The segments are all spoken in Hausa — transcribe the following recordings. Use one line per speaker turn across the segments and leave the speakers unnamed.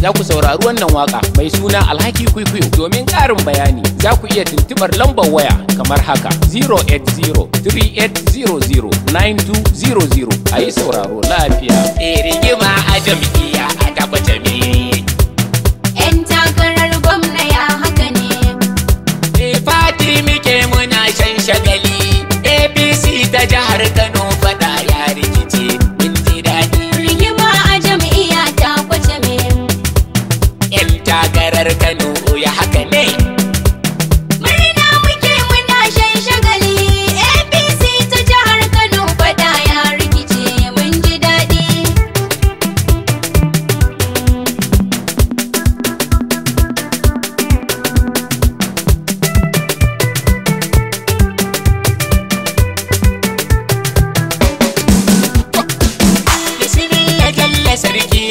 za ku saurari wannan waka mai suna alhaki kwikwiyo domin ƙarin bayani za ku iya tuntubar lambar waya kamar haka 08038009200 a yi sauraro lafiya. rigima a jam'iyya a Fati muke muna shan shagali APC ta jihar Kano.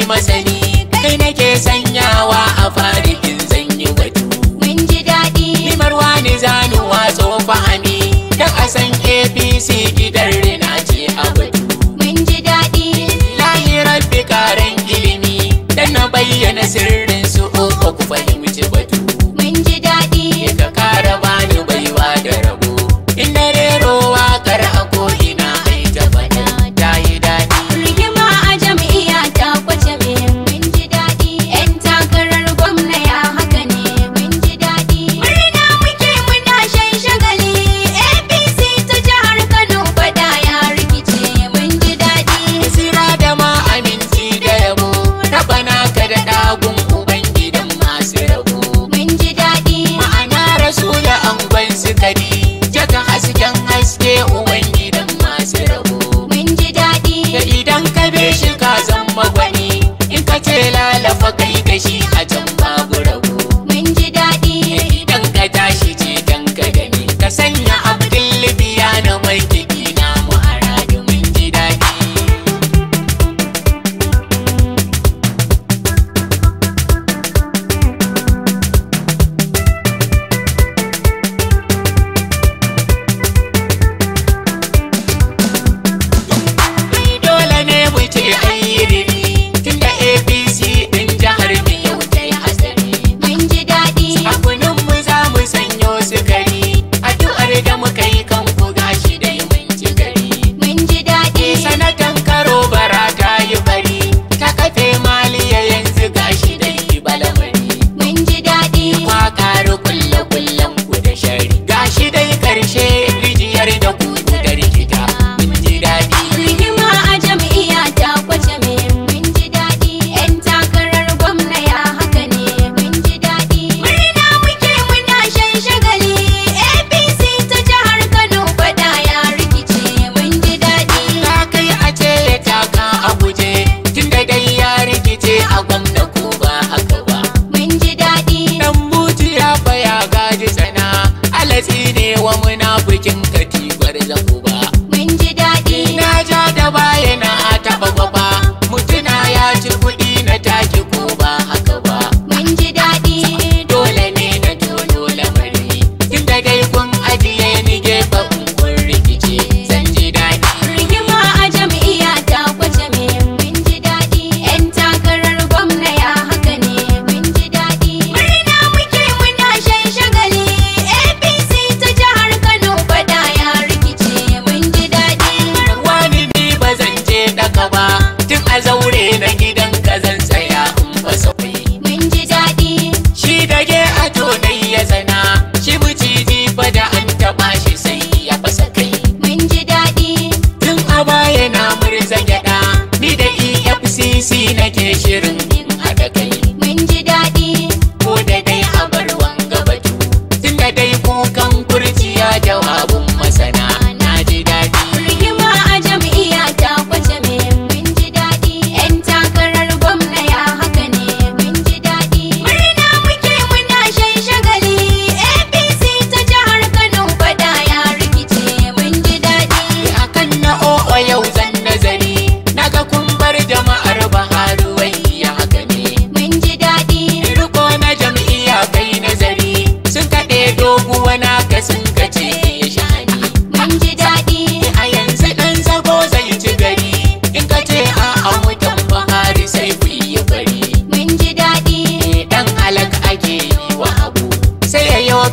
masani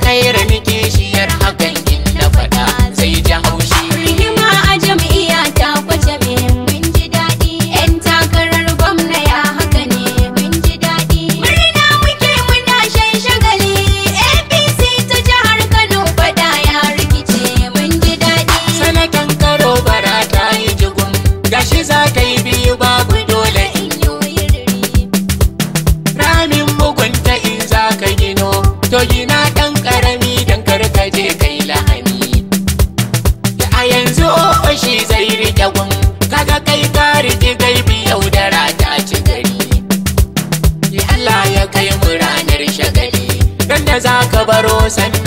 kai ranike shiyar hakan in na faɗa zai ji haushi rigima a jam'iyya ta kwace me mun ji daɗi yan takarar gwamna ya haka ne mun ji daɗi murna muke muna shan shagali apc ta jihar kano faɗa ya rikice mun ji daɗi sanatan karo bara ta yi jigun gashi za ta yi biyu ba
za ka baro sani